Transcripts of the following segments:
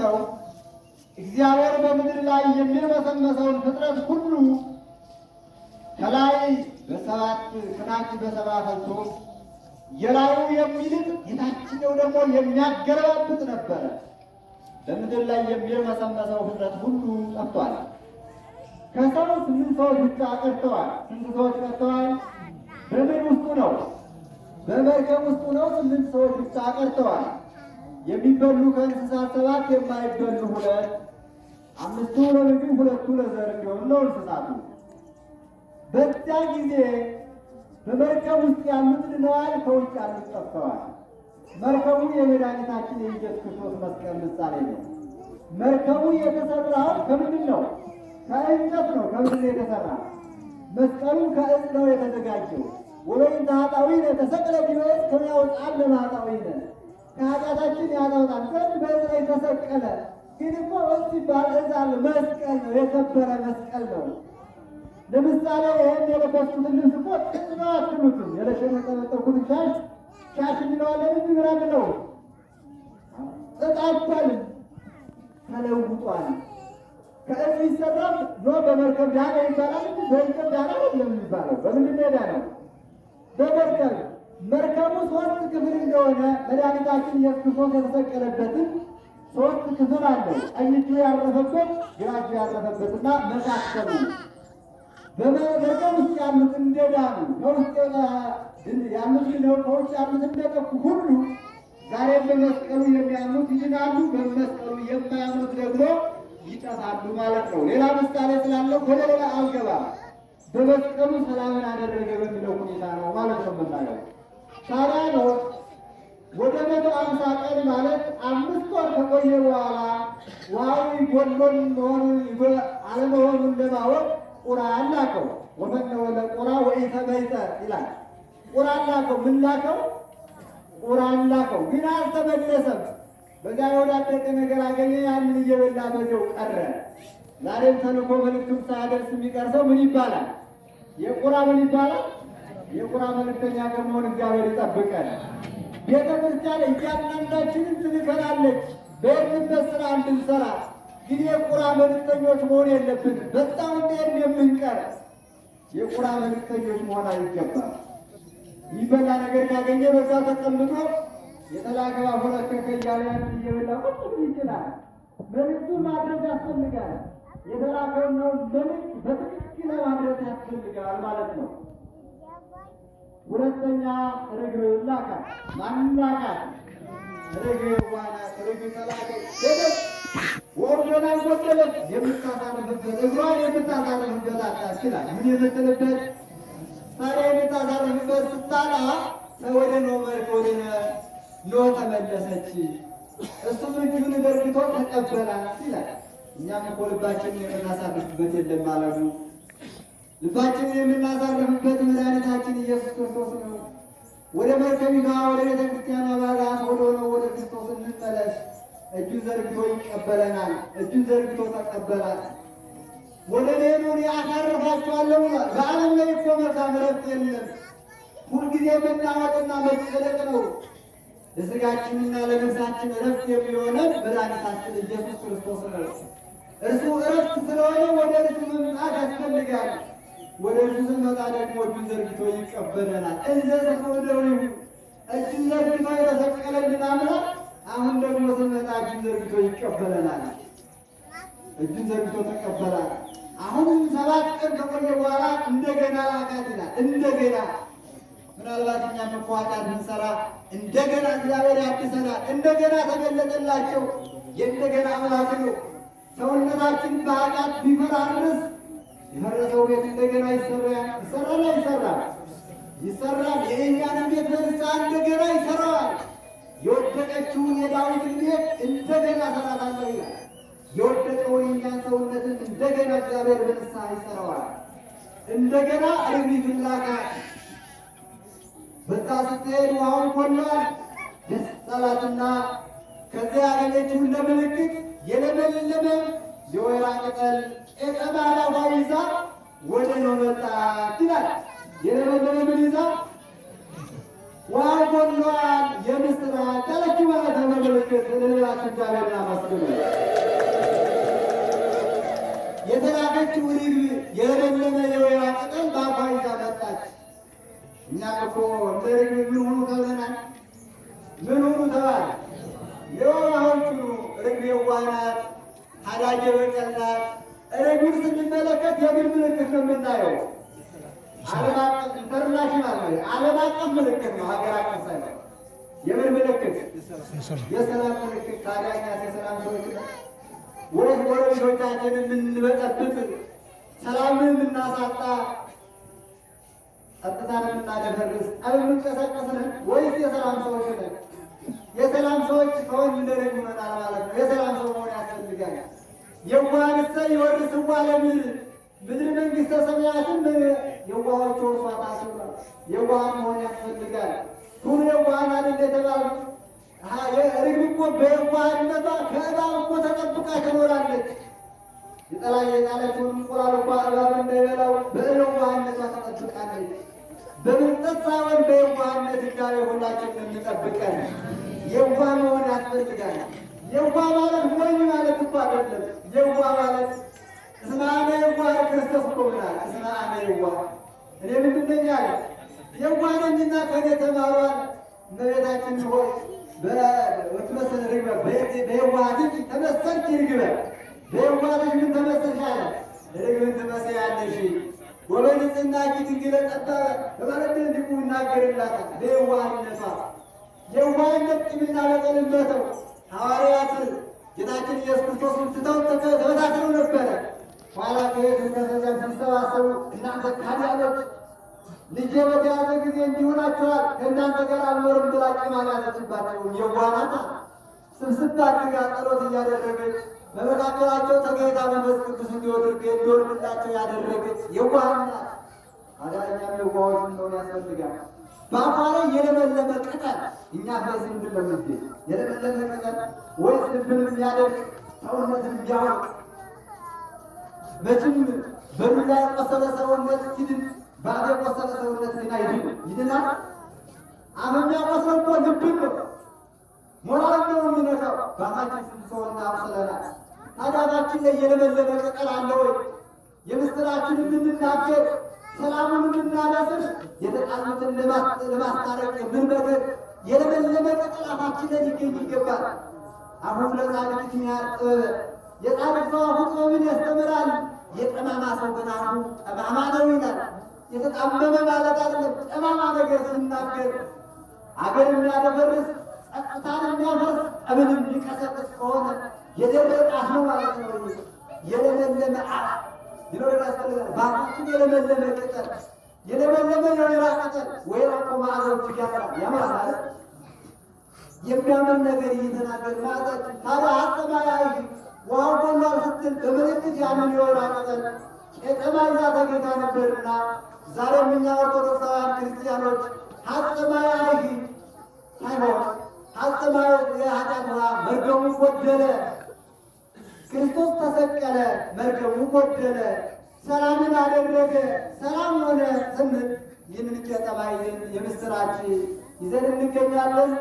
ሰው እግዚአብሔር በምድር ላይ የሚርመሰመሰውን ፍጥረት ሁሉ ከላይ በሰባት ከታች በሰባ ፈልቶ የላዩ የሚልጥ የታችኛው ደግሞ የሚያገረባብጥ ነበረ። በምድር ላይ የሚርመሰመሰው ፍጥረት ሁሉ ጠፍቷል። ከሰው ስምንት ሰዎች ብቻ ቀርተዋል። ስንት ሰዎች ቀርተዋል? በምን ውስጡ ነው? በመርከብ ውስጡ ነው። ስምንት ሰዎች ብቻ ቀርተዋል። የሚበሉ ከእንስሳት ሰባት የማይበሉ ሁለት፣ አምስቱ ለልጁ ሁለቱ ለዘር እንዲሆኑ ነው እንስሳቱ። በዚያ ጊዜ በመርከብ ውስጥ ያሉት ድነዋል፣ ከውጭ ያሉት ጠፍተዋል። መርከቡ የመድኃኒታችን የኢየሱስ ክርስቶስ መስቀል ምሳሌ ነው። መርከቡ የተሰራው ከምንድን ነው? ከእንጨት ነው። ከምንድን የተሰራ? መስቀሉ ከእጽ ነው የተዘጋጀው። ወይም ታጣዊ ተሰቅለ ቢወት ከሚያወጣል ለማጣዊ ከኃጢአታችን ያለውና ከዚህ በዚህ ላይ ተሰቀለ። ግን እኮ ወስ ባልእዛል መስቀል ነው፣ የከበረ መስቀል ነው። ለምሳሌ ይህን የለበስኩትን ልብስ እኮ ጥቅም አትሉትም። የለሸመጠመጠኩትን ሻሽ ሻሽ እንለዋለን እንጂ ምናምን ነው ጥጣቷል፣ ተለውጧል። ከእዚህ ይሰራል ዞ በመርከብ ዳና ይባላል እንጂ በእንጨት ዳና ነው የሚባለው። በምንድን ነው በመርከብ መርከቡ ሶስት ክፍል እንደሆነ መድኃኒታችን ኢየሱስ ክርስቶስ የተሰቀለበትን ሶስት ክፍል አለ። ቀኝ እጁ ያረፈበት፣ ግራ እጁ ያረፈበትና መካከሉ በመርከብ ውስጥ ያሉት እንደዳኑ ከውስጥ ያሉት ነው፣ ከውጭ ያሉት እንደጠፉ ሁሉ ዛሬ በመስቀሉ የሚያምኑት ይድናሉ፣ በመስቀሉ የማያምኑት ደግሞ ይጠፋሉ ማለት ነው። ሌላ ምሳሌ ስላለው ወደ ሌላ አልገባ። በመስቀሉ ሰላምን አደረገ በሚለው ሁኔታ ነው ማለት ነው መናገር ታራኖት ወደ ቤተ አምሳ ቀን ማለት አምስት ወር ከቆየ በኋላ ውሃው ጎሎን መሆኑን አለመሆኑን ለማወቅ ቁራ አላከው። ወፈነወ ለቁራ ወኢተበይተ ይላል። ቁራ አላከው። ምን ላከው? ቁራ አላከው። ግን አልተመለሰም። በዛ የወዳደቀ ነገር አገኘ። ያንን እየበላ በዚያው ቀረ። ዛሬም ተልኮ መልእክቱን ሳያደርስ የሚቀርሰው ምን ይባላል? የቁራ ምን ይባላል? የቁራ መልእክተኛ ከመሆን እግዚአብሔር ይጠብቀን። ቤተ ክርስቲያን እያንዳንዳችንን ትልከናለች። በየትበት ስራ እንድንሰራ ግን የቁራ መልእክተኞች መሆን የለብን። በጣም እንዴት የምንቀር የቁራ መልእክተኞች መሆን አይገባል። የሚበላ ነገር ያገኘ በዛ ተቀምጦ የተላከባ ሁለከከ እያለያን እየበላ ቁጭ ይችላል። መልእክቱ ማድረስ ያስፈልጋል። የተላከነው መልእክት በትክክል ማድረስ ያስፈልጋል ማለት ነው። ሁለተኛ ርግብ ላካት። ማንም ላካት? ርግብ ዋናት። ርግብ ተላከች። ሄደች፣ ወርዶን አልቆጠለች። የምታሳርፍበት እግሯን የምታሳርፍበት አታችላል። ምን የምትልበት ታዲያ የምታሳርፍበት ስታጣ ወደ ኖህ መርክ ወደ ኖህ ተመለሰች። እሱም እጅሁን ዘርግቶ ተቀበላት ይላል። እኛም እኮ ልባችን የምናሳርፍበት የለም አላሉ ልባችንን የምናሳርፍበት መድኃኒታችን ኢየሱስ ክርስቶስ ነው። ወደ መርከቢቷ ወደ ቤተ ክርስቲያን አባላት ወደ ሆነው ወደ ክርስቶስ እንመለስ። እጁን ዘርግቶ ይቀበለናል። እጁን ዘርግቶ ተቀበላል። ወደ ሌኑን ያሳርፋቸዋለሁ በአለም በዓለም ላይ እኮ መልካም ረፍት የለም። ሁልጊዜ መናወጥና መጨለቅ ነው። ለስጋችንና ለነፍሳችን እረፍት የሚሆነን መድኃኒታችን ኢየሱስ ክርስቶስ ነው። እርሱ እረፍት ስለሆነ ወደ እርሱ መምጣት ያስፈልጋል። ወደ ወደፊት ስንመጣ ደግሞ እጁን ዘርግቶ ይቀበለናል። እንዘ ተቀበለኒ እጁን ዘርግቶ የተሰቀለልን አምላክ አሁን ደግሞ ስንመጣ እጁን ዘርግቶ ይቀበለናል። እጁን ዘርግቶ ተቀበላል። አሁን ሰባት ቀን ከቆየ በኋላ እንደገና ላካት ይላል። እንደገና ምናልባት እኛም እኮ ኃጢአት እንደገና እግዚአብሔር ያድሰናል። እንደገና ተገለጠላቸው። የእንደገና አምላክ ነው። ሰውነታችን በኃጢአት ቢመራርስ የመረሰው ቤት እንደገና ይሰራል። ይሰራል ይሰራል። የእኛን ቤት መልሳ እንደገና ይሰራዋል። የወደቀችውን የዳዊትን ቤት እንደገና ሰራታለው ይላል። የወደቀውን የእኛን ሰውነትን እንደገና እግዚአብሔር መልሳ ይሰራዋል። እንደገና ርግብ በዛ ስትሄድ ውሃውን ኮላል ደስ አላትና ከዚያ ያገኘችውን ለምልክት የለመለመ የወይራ ቅጠል ቄጠማ ላባ ይዛ ወደ ነው መጣት ይላል። የለመለመ ምን ይዛ ውሃ ጎሏል። የምስራት ጠለች ማለት መመለከት ለሌላችን እግዚአብሔርን አመስግኑ። የተላከችው ሪብ የለመለመ የወይራ ቅጠል በአፏ ይዛ መጣች። እኛ እኮ እንደ ምን ሆኑ ተብለናል። ምን ሆኑ ተባለ። የዋሆቹ ርግብ የዋህ አዳጌ በቀናት ረጉድ ስንመለከት የምን ምልክት ነው የምናየው? ኢንተርናሽናል ነው፣ ዓለም አቀፍ ምልክት ነው። ሀገር አቀፍ ሳይ የምን ምልክት? የሰላም ምልክት። ታዲያ እኛስ የሰላም ሰዎች ወይስ ጎረቤቶቻችንን የምንበጠብጥ፣ ሰላምን የምናሳጣ፣ ጸጥታን የምናደፈርስ፣ ጠብ የምንቀሰቀስ ነን ወይስ የሰላም ሰዎች ነን? የሰላም ሰዎች ከሆን እንደረግ ይመጣል ማለት ነው። የሰላም ሰው መሆን ያስፈልጋል። የዋህንሰ ይወርስዋ ለምድር ምድር መንግሥተ ሰማያትም የዋሆች ወርሷታስ የዋሃን መሆን ያስፈልጋል። ሁሉ የዋሃን አይደል የተባለ ርግብ እኮ በየዋህነቷ ከእባብ እኮ ተጠብቃ ትኖራለች። የጠላ የጣለችውን እንቁላል እኳ እባብ እንዳይበላው በየዋህነቷ ተጠብቃለች። በምንጠት ሳይሆን በየዋህነት እግዚአብሔር ሁላችን እንጠብቀን። የዋህ መሆን ያስፈልጋል። የዋ ማለት ወይም ማለት እኮ አይደለም። የዋ ማለት እስመ አነ የዋህ ክርስቶስ እኮ ብሏል። እስመ አነ እኔ ምንድነኝ አለ የዋህ ነኝና ከኔ ተማሯል። እመቤታችን ሆይ ወትመሰል ርግበ በየዋህትኪ ተመሰልኪ ርግበ በየዋህትሽ ምን ተመሰልሻለ? ርግብን ትመስያለሽ። ወበንጽሕናኪ ድንግለ ጠባበ በማለት እንዲሁ እናገርላታል። በየዋህነቷ የዋህነት ቂምና በቀል ሐዋርያት ጌታችን ኢየሱስ ክርስቶስን ትተው ተበታትነው ነበረ። ኋላ ከሄድ እንደዚያ ሲሰባሰቡ እናንተ ካህናት ልጄ በተያዘ ጊዜ እንዲሆናቸዋል ከእናንተ ጋር አልኖርም ብላ ቂማን ያዘችባቸው የዋናት ስብስብ አድርጋ ጸሎት እያደረገች በመካከላቸው ተገኝታ መንፈስ ቅዱስ እንዲወድርገ እንዲወርድላቸው ያደረገች የዋህናት አዳኛ የዋሆች እንደሆነ ያስፈልጋል። በአፏ ላይ የለመለመ ቅጠል እኛ በዚህ ምድር በሚገኝ የለመለመ ቅጠል ወይስ ልብን የሚያደርግ ሰውነት የሚያወቅ መቼም በዱላ የቆሰለ ሰውነት ሲድን ባዶ የቆሰለ ሰውነት ግን አይድን ይድናል። አመኛ ያቆስለው እኮ ልብን ነው። ሞራል ነው የሚነካው። በአፋችን ስንት ሰውና አቁስለናል። ታዲያ አፋችን ላይ የለመለመ ቅጠል አለ ወይ? የምስራችን የምንናገር ሰላሙን የምናዳፍር የተጣሉትን ለማስታረቅ የምንመክር የለመለመ ጠላታችንን ሊገኝ ይገባል። አሁን ለጻድቅ ምክንያት ጥበብ የጻድቅ ሰው አፉ ጥበብን ያስተምራል። የጠማማ ሰው በናቱ ጠማማ ነው ይላል። የተጣመመ ማለት አይደለም። ጠማማ ነገር ስናገር አገር የሚያደፈርስ ጸጥታን የሚያፈርስ ጠብንም ሊቀሰቅስ ከሆነ የደረቀ ነው ማለት ነው። የለመለመ ሊኖረን ያስፈልጋል። ባካችን የለመለመ ቅጠል የለመለመ የወይራ ቅጠል ወይራ እኮ ማዕዛው እጅግ የሚያምን ነገር እየተናገር ማዕዛችን ታዲያ አጠማያይ ውሃው ጎሏል ስትል በምልክት ያንን የወይራ ቅጠል ቄጠማ ይዛ ተገኝታ ነበርና ዛሬም እኛ ኦርቶዶክሳውያን ክርስቲያኖች አጠማያይ ሳይሆን አጠማያይ የኃጢአት ውሃ መርገሙ ጎደለ ጎደለ፣ ሰላምን አደረገ፣ ሰላም ሆነ ስንል ይህንን ቄጠማ የምስራች ይዘን እንገኛለን።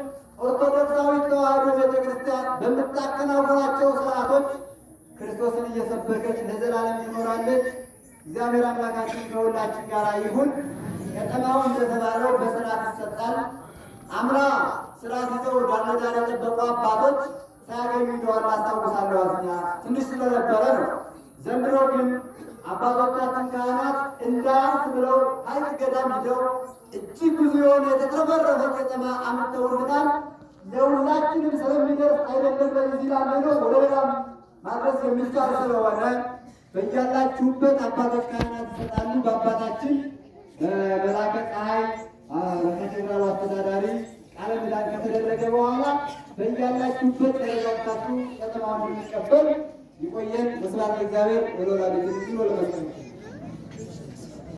ኦርቶዶክሳዊት ተዋህዶ ቤተክርስቲያን በምታከናውናቸው ስርዓቶች ክርስቶስን እየሰበከች ለዘላለም ትኖራለች። እግዚአብሔር አምላካችን ከሁላችን ጋር ይሁን። ቄጠማው እንደተባለው በስርዓት ይሰጣል። አምራ ስርዓት ይዘው ዳር ለዳር የጠበቁ አባቶች ሳያገኙ እንደዋሉ አስታውሳለሁ። ባላችሁበት አባቶች ካህናት ይሰጣሉ። በአባታችን በመላከ ፀሐይ በካቴድራሉ አስተዳዳሪ ቃለ ምዕዳን ከተደረገ በኋላ በያላችሁበት ተረጋግታችሁ ከተማውን የሚቀበል ይቆየን። መስራት እግዚአብሔር ወደ ወላጆች ወለመሰ